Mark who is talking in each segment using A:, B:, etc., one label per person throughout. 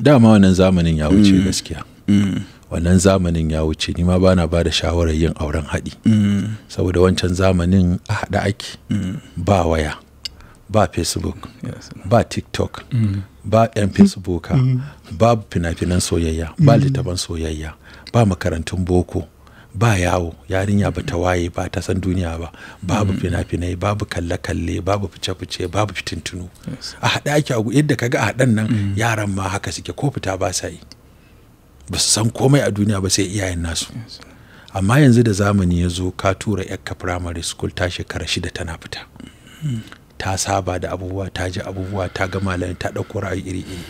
A: dama wannan zamanin ya wuce mm. gaskiya mm. wannan zamanin ya wuce ni ma bana ba da shawarar yin auren haɗi mm. saboda wancan zamanin a haɗa ake ba waya ba facebook ba tiktok ba yan facebook, ba fina-finan soyayya ba littafan soyayya ba makarantun boko ba yawo yarinya ba ta waye ba ta san duniya ba babu mm. fina-finai babu kalle-kalle babu fice-fice babu fitintunu a haɗa ake yadda kaga a haɗan nan mm. yaran ma haka suke ko fita ba sa yi ba su san komai a duniya ba sai iyayen nasu amma yanzu da zamani ya zo ka tura yakka primary school ta shekara shida tana fita mm. ta saba da abubuwa ta ji abubuwa ta ga malami ta ɗauko ra'ayi iri-iri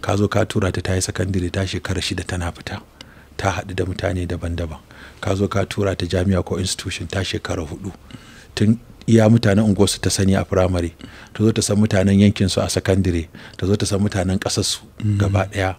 A: ka zo ka tura ta ta yi sakandare ta shekara shida tana fita ta haɗu da mutane daban-daban ka zo ka tura ta jami'a ko institution ta shekara hudu tun iya mutanen unguwarsu ta sani a firamare ta zo ta san mutanen yankinsu a sakandire ta zo ta san mutanen ƙasarsu mm. gaba ɗaya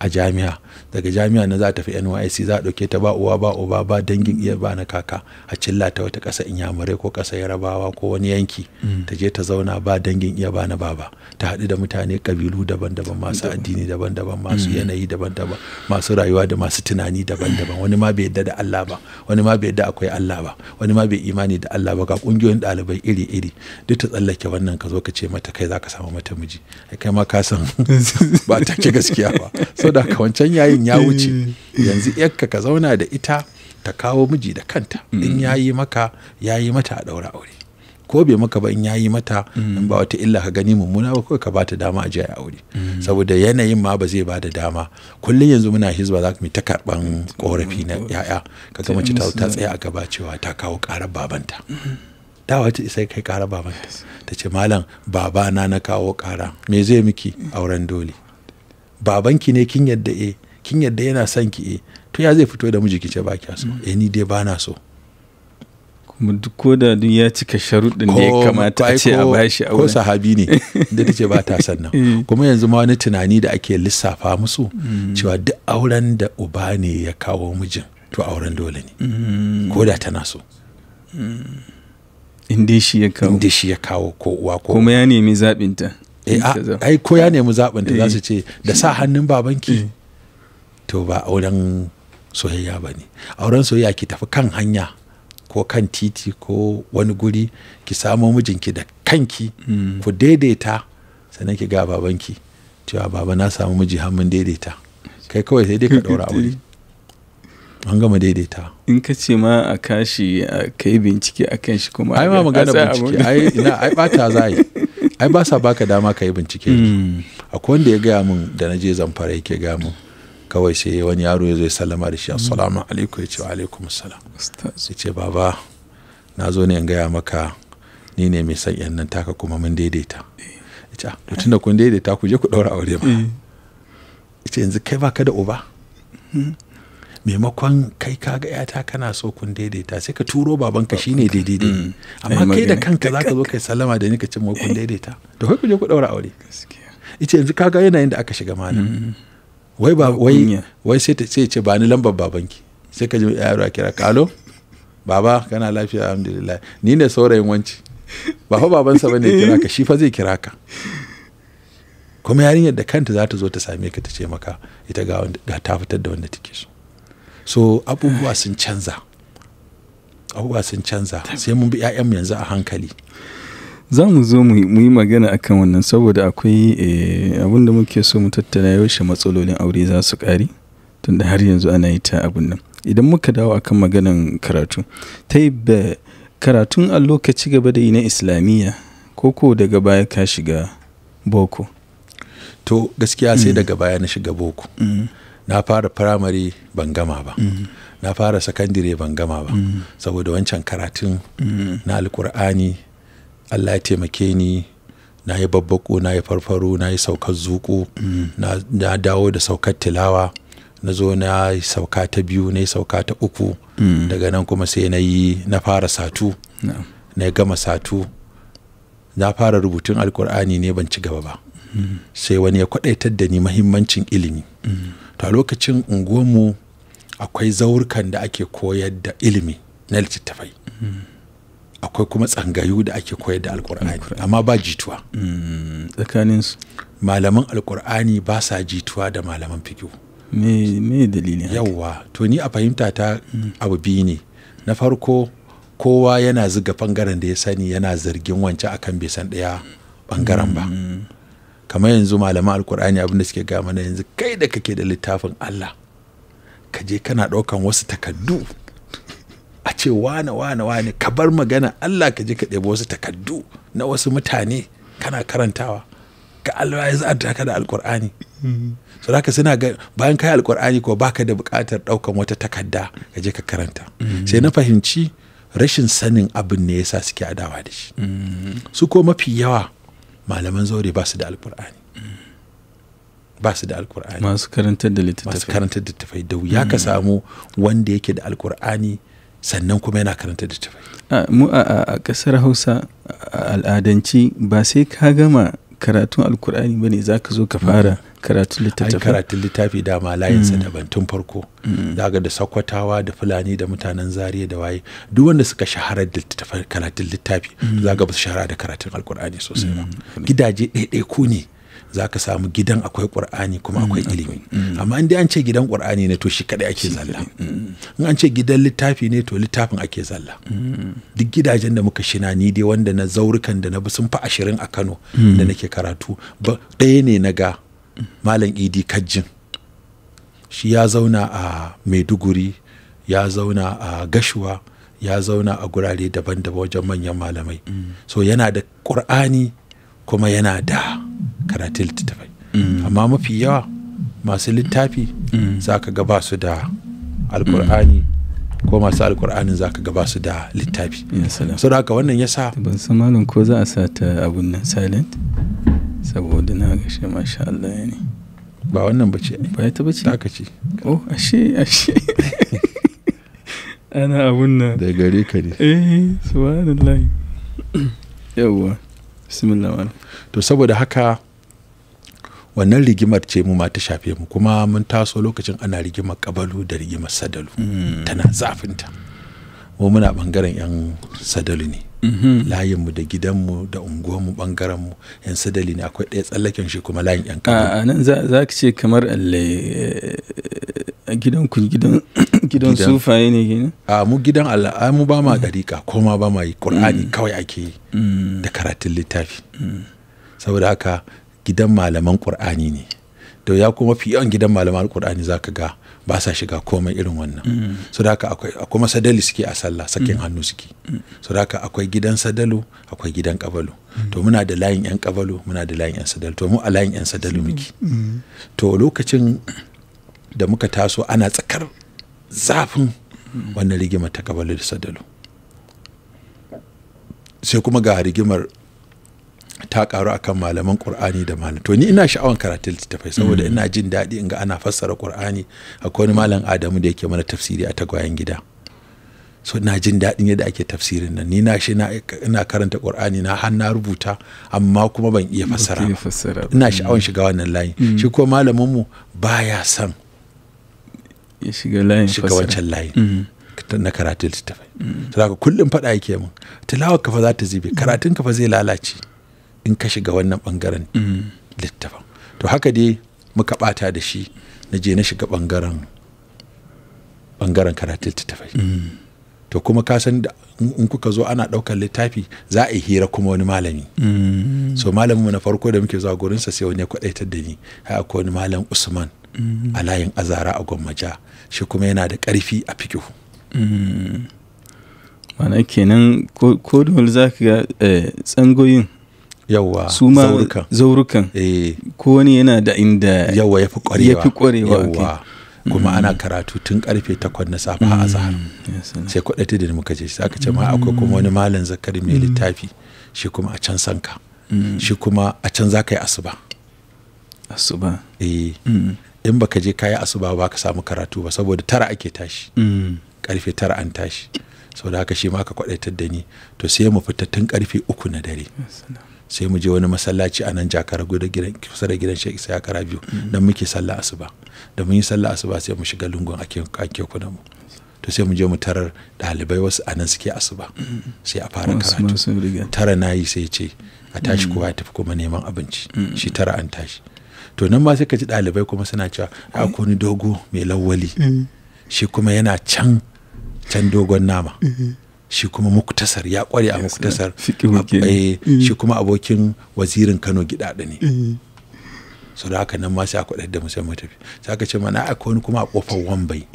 A: a jami'a daga jami'a na za ta tafi NYC za a ɗauke ta ba uwa ba uba ba dangin iya ba na kaka a cilla ta wata ƙasa inyamurai ko ƙasa yarabawa ko wani yanki mm. ta je ta zauna ba dangin iya ba na baba ta haɗu da mutane ƙabilu daban-daban masu addini daban-daban masu mm. yanayi daban-daban masu rayuwa da masu tunani daban-daban wani ma bai yadda da Allah ba wani ma bai yadda akwai Allah ba wani ma bai imani da Allah ba ga ƙungiyoyin ɗalibai iri-iri duk ta tsallake wannan ka zo ka ce mata kai za ka samu mata miji kai ma ka san ba ta gaskiya ba da ka wancan yayin ya wuce eh. yanzu yakka ka zauna da ita ta kawo miji da kanta mm. in yayi maka yayi mata a daura aure ko bai maka ba in yayi mata mm. in ba wata illa ka gani mummuna ba kawai ka bata dama a je a aure mm. saboda yanayin ma ba zai bada dama kullum yanzu muna hizba za mu ta karban korafi na yaya kaga mace ta tsaya a gaba cewa ta kawo karar babanta da wata isai kai karar babanta ta ce malam babana na kawo kara me zai miki auren dole babanki ne kin yadda e kin yadda yana son ki e to ya zai fito da miji kice ba kya so mm. eh ni dai bana so kuma duk ko da duk ya cika sharuɗin da ya kamata a ce a bashi aure ko sahabi ne da tace ba ta son nan eh. kuma yanzu ma wani tunani da ake lissafa musu mm. cewa duk auren da uba ne ya kawo mijin to auren dole ne mm. ko da tana so in dai shi ya kawo ko uwa ko kuma ya nemi zaɓinta Eh, ai ko ya nemi zaɓin ta za eh. su ce da sa hannun babanki eh. to ba auren soyayya ba ne auren soyayya ki tafi kan hanya ko kan titi ko wani guri ki samo mijinki da kanki hmm. ku daidaita sannan ki ga babanki cewa baba na samu miji har mun daidaita kai kawai sai dai ka ɗora aure an gama daidaita in ka ce ma a kashi a kai bincike a kan shi kuma ai ma magana bincike ai ina ai bata za yi ai ba sa baka dama ka yi bincike hmm. akwai wanda ya gaya min da na je zamfara yake gaya min kawai sai wani yaro ya zo ya sallama da shi hmm. assalamu alaikum ya ce wa alaikum salam ya ce baba na zo ne in gaya maka ni ne mai san yan nan taka kuma mun daidaita eh. ya ce ah, to tunda kun daidaita ku je ku daura aure ma eh. ya ce yanzu kai baka da uba hmm. maimakon kai kaga yata kana so kun daidaita sai ka turo baban ka shine daidai mm. amma kai da kanka za ka zo kai salama da ni ka ce mu kun daidaita da kai ku je ku daura aure ita yanzu kaga yanayin da aka shiga malam mm. wai ba wai mm, wai sai ta ce ce ba ni lambar babanki sai ka ji yaro a kira kalo baba kana lafiya alhamdulillah ni ne saurayin wanci ba fa sa bane kira ka shi fa zai kira ka kuma yarinyar da kanta za ta zo ta same ka ta ce maka ita ga ta fitar da wanda take so so abubuwa sun canza abubuwa sun canza sai mun bi 'ya'yanmu yanzu a hankali za
B: mu zo mu yi magana akan wannan saboda akwai eh, abin da muke so mu tattala yaushe matsalolin aure za su ƙari tunda har yanzu ana yi ta abin nan idan muka dawo akan maganan karatu ta ba karatun a lokaci gaba da yi na islamiyya
A: ko ko daga baya ka shiga boko to gaskiya sai mm. daga baya na shiga boko mm. na fara firamare ban gama ba mm-hmm. na fara sakandire ban gama ba mm-hmm. saboda wancan karatun mm-hmm. na alkur'ani allah ya taimake ni na yi babbako na yi farfaro na yi saukar zuku na dawo da saukar tilawa na zo na yi sauka ta biyu na yi sauka ta uku daga nan kuma sai na yi na fara satu na gama satu na fara rubutun alkur'ani ne ban ci gaba ba sai wani ya kwadaitar da ni mahimmancin ilimi a lokacin unguwanmu akwai zaurukan da ake koyar da ilimi na littattafai akwai kuma tsangayu da ake koyar da alkur'ani amma ba jituwa mm, tsakanin su malaman alkur'ani ba sa jituwa da malaman fikihu me dalilin yawwa to ni a fahimta ta abu biyu ne na farko kowa yana ziga bangaren da ya sani yana zargin wancan akan bai san daya bangaren ba mm. kamar yanzu malaman alkur'ani abinda suke gama na yanzu kai da kake da littafin Allah ka je kana ɗaukan wasu takaddu a ce wane wane wane ka bar magana Allah ka je ka ɗebi wasu takaddu na wasu mutane kana karantawa ka Allah ya za'anta ka da alkur'ani so ka suna ga bayan kai alkur'ani ko baka da buƙatar ɗaukan wata takadda ka je ka karanta mm-hmm. sai na fahimci rashin sanin abin ne yasa suke adawa da shi mm-hmm. su ko mafi yawa malaman zaure ba su da alkur'ani ba su da alkur'ani masu karantar da littattafai masu karantar da littattafai da wuya ka hmm. samu wanda yake da alkur'ani sannan kuma yana karanta littattafai mu a kasar hausa al'adanci
B: ba sai ka gama karatun alkur'ani ba ne za ka zo ka fara hmm. karatun littafi karatun
A: littafi dama layinsa mm. daban tun farko mm. zaga da sakwatawa da fulani da mutanen zariya da waye duk wanda suka shahara da karatun littafi mm. za zaga ba shahara da karatun alkur'ani sosai ba mm. gidaje ɗaiɗai ku ne za samu gidan akwai ƙur'ani kuma mm. akwai ilimi amma in an ce gidan ƙur'ani ne to shi kaɗai ake zalla in an ce gidan littafi ne to littafin ake zalla duk gidajen da muka shina ni dai wanda na zaurukan da na bi sun fi ashirin a kano da nake karatu ɗaya ne na ga malam idi kajjin shi ya zauna a maiduguri ya zauna a gashuwa ya zauna a gurare daban-daban wajen manyan malamai so yana da ƙur'ani kuma yana da karatun littattafai mm. amma mafi yawa masu littafi mm. za ka gaba su da alƙur'ani mm. ko masu alkur'anin za ka gaba su da littafi.
B: so da haka wannan ya sa. Ban san malam ko za a sa abun nan silent? saboda na ga shi masha Allah ya ne ba wannan bace ba ita bace ta ce oh ashe ashe ana
A: abun nan da gare ka ne
B: eh subhanallah
A: yawwa bismillah to saboda haka wannan rigimar ce mu ma ta shafe mu kuma mun taso lokacin ana rigimar kabalu da rigimar sadalu hmm. tana zafinta mu muna bangaren yan sadalu ne Mhm. layinmu da gidanmu da unguwanmu bangarenmu yan sadali ne akwai ɗaya tsallaken shi kuma layin yan kaba a nan za
B: ka ce kamar a
A: eh, gidan ku gidan sufa sufaye ne gini. a mu gidan Allah a mu ba ma dariƙa mm. ko ma ba ma yi Qur'ani mm. kawai ake yi mm. da karatun littafi saboda haka gidan malaman Qur'ani ne to ya kuma fi yawan gidan malaman alkur'ani za ka ga ba sa shiga komai irin wannan mm. so da haka akwai kuma sadali suke a sallah sakin mm. hannu suke mm. so da haka akwai gidan sadalu akwai gidan kabalu to muna da layin yan kabalu muna da layin yan sadalu to mu a layin yan sadalu muke to lokacin da muka taso ana tsakar zafin wannan rigima ta kabalu da sadalu sai kuma ga rigimar ta karu akan malaman qur'ani da malam to ni ina sha'awan karatun littattafai saboda mm. ina jin daɗi in ga ana fassara qur'ani akwai wani malam adamu da yake mana tafsiri a tagwayen gida so ina jin daɗin yadda ake tafsirin nan ni na shi ina karanta qur'ani na har na rubuta amma kuma ban iya fassara ina sha'awan shiga wannan layin mm. shi ko malamin mu baya son ya shiga layin shiga wancan layin mm. na karatun littattafai saboda kullum faɗa yake min tilawar kafa za ta zube karatun kafa zai lalace in ka shiga wannan bangaren mm. littafin to haka dai muka bata da shi na je na shiga bangaren bangaren karatun littafai mm. to kuma ka san da in kuka zo ana ɗaukan littafi za a yi hira kuma wani malami mm. so malamin na farko da muke zuwa gurinsa sai wani ya kwadaitar da ni har akwai wani malam usman a layin azara a gwammaja shi kuma yana da karfi a fikihu
B: mana kenan ko dole za ka ga eh, tsangoyin
A: yawa su ma zaurukan eh. ko wani yana da inda yawa ya fi kwarewa yawa kuma mm. ana karatu tun karfe takwas na safe a zahar mm, sai kwaɗa da muka je sai aka ce ma akwai kuma wani malam zakari mai mm. littafi shi kuma a can sanka shi kuma a can za ka yi asuba asuba eh in baka je kayi asuba ba ka samu karatu ba saboda tara ake tashi karfe tara an tashi saboda haka shi ma ka kwadaitar da ni to sai mu fita tun karfe uku na dare sai mu je wani masallaci a nan jakar kusa da gidan Sheikh kara biyu mm. dan muke sallah asuba da mun yi sallah asuba sai mu shiga lungun ake ake kuna mu to sai mu je mu tarar ɗalibai wasu a nan suke asuba mm. sai a fara karatu tara nayi sai ce a tashi mm. kowa ya tafi kuma neman abinci shi tara an tashi to nan ma sai ka ji ɗalibai kuma suna cewa a kuni dogo mai lawwali shi kuma yana can can dogon nama mm-hmm. shi kuma muktasar ya kware a muktasar eh, mm. shi kuma abokin wazirin kano gidada ne mm. su da haka nan masu akwai da musai matafi tafi sai ce mana a wani kuma a kofar wambai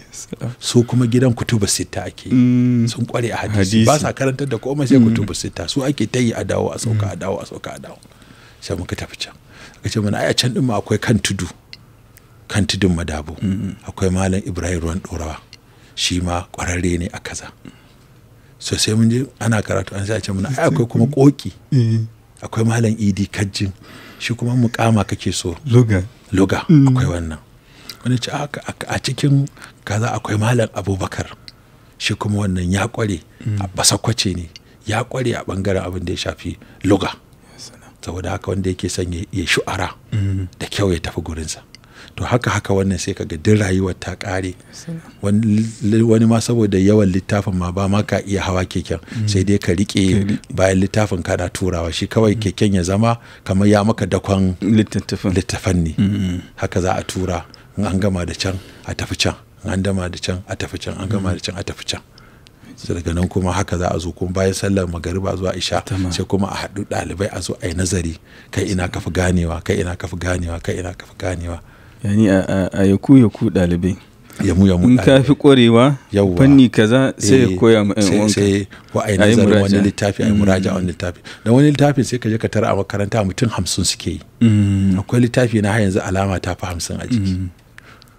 A: su kuma gidan kutuba sita ake mm. sun kware a hadisi ba sa karantar da komai sai kutuba sita su ake ta yi a dawo a sauka a dawo a sauka a dawo sai muka tafi can aka ce mana a can din ma akwai kan tudu kan tudun madabo akwai malam ibrahim ruwan dorawa shi ma kwararre ne a kaza so sai mun je ana karatu an sai a ce mun ai akwai kuma koki mm. mm. akwai malam idi kajjin shi kuma mukama kake so loga loga mm. akwai wannan wani ce a cikin kaza akwai malam abubakar shi kuma wannan ya kware a basakwace ne ya kware a bangaren abin da ya shafi loga saboda haka wanda yake son ya shu'ara da kyau ya tafi gurinsa to haka haka wannan sai kaga duk rayuwar ta kare wani ma saboda yawan littafin ma ba ma ka iya hawa keken mm. sai dai ka rike bayan littafin kana turawa shi kawai mm. keken ya zama kamar ya maka dakon littafan ne mm. haka za a tura an gama da can a tafi can an dama da can a tafi can an gama da can a tafi can daga nan kuma haka za a zo kuma bayan sallar magariba zuwa isha sai kuma a haɗu ɗalibai a zo a yi nazari kai ina kafi ganewa kai ina kafi ganewa kai ina kafi ganewa yani a yaku yaku ɗalibai yamu yamu in ka fi ƙwarewa fanni kaza sai ya eh, koya ma yan uwanka sai wa ai nazarin wani littafi ai muraja wani littafi dan wani littafi sai ka je ka tara a makaranta mutum 50 suke yi mm. akwai littafi na har yanzu alama ta fi 50 a jiki mm.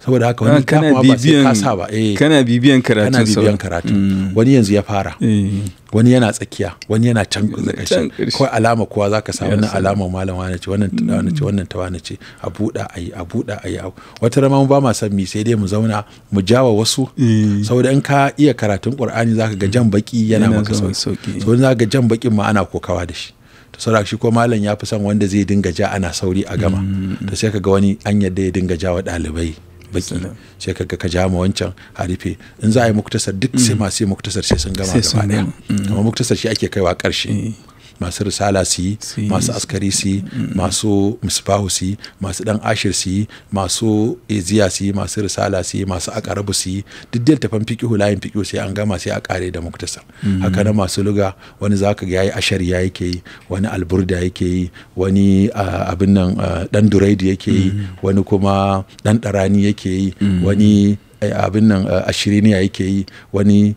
A: saboda haka wani ah, kana bibiyan kasa ba eh kana bibiyan karatu kana bibiyan karatu mm. wani yanzu ya fara eh. wani yana tsakiya wani yana can ƙarshe kawai alama kowa zaka sa wannan alama malam wani ce wannan tada mm. ce wannan tawa ce a buɗa a yi a buɗa a yi wata rama mu ba ma san mi sai dai mu zauna mu jawa wasu eh. saboda in ka iya karatun qur'ani zaka ga jan baki yana maka sauki saboda zaka ga jan bakin ma ana kokawa da shi to shi ko malam ya fi son wanda zai dinga ja ana sauri a gama mm. to sai ka ga wani an yadda ya dinga ja wa ɗalibai baki sai ka ka jama wancan wancan harife in za a yi muktasar duk sai mm. masu yi muktasar sai sun gama gaba ɗaya mm. amma muktasar shi ake kaiwa ƙarshe. Mm. masu risala su yi masu askari su yi mm. masu misbahu su yi masu dan ashir su yi masu iziya su yi masu risala su yi masu akarabu su yi duk da tafan fiqihu layin fiqihu sai an gama sai a kare da muktasar mm. haka na masu luga wani zaka ga yayi ashar ya yake yi wani alburda yake yi wani abin nan dan duraidi yake yi mm. wani kuma dan darani yake yi wani eh, abin nan ashiriniya yake yi wani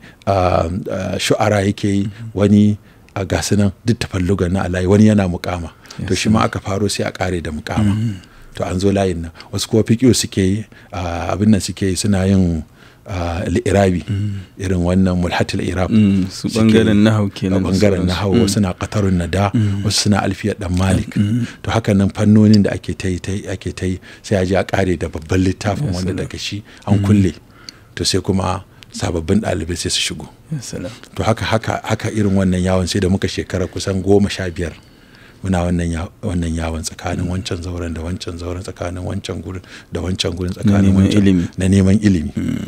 A: shu'ara yake yi wani a gasu nan duk tafallugan na alayi wani yana mukama to shi ma aka faro sai a kare da mukama mm. to an zo layin nan wasu kuwa fiƙiyo suke yi abin nan suke yi suna yin al'irabi mm. irin wannan mulhatul irab mm, su bangaren nahau kenan bangaren nahau wasu na qatarun nada wasu suna alfiyar dan malik to haka nan fannonin da ake tayi ake tai sai a je a kare da babban littafin wanda daga shi an kulle to sai kuma sababbin ɗalibai sai su shigo to haka haka haka irin wannan yawon sai da muka shekara kusan goma sha biyar muna wannan yawon tsakanin wancan zauren da wancan zauren tsakanin wancan gurin da wancan gurin tsakanin wancan na neman ilimi hmm.